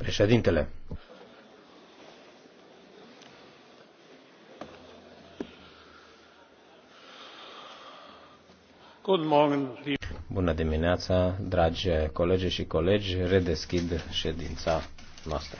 Președintele. Bună dimineața, dragi colegi și colegi, redeschid ședința noastră.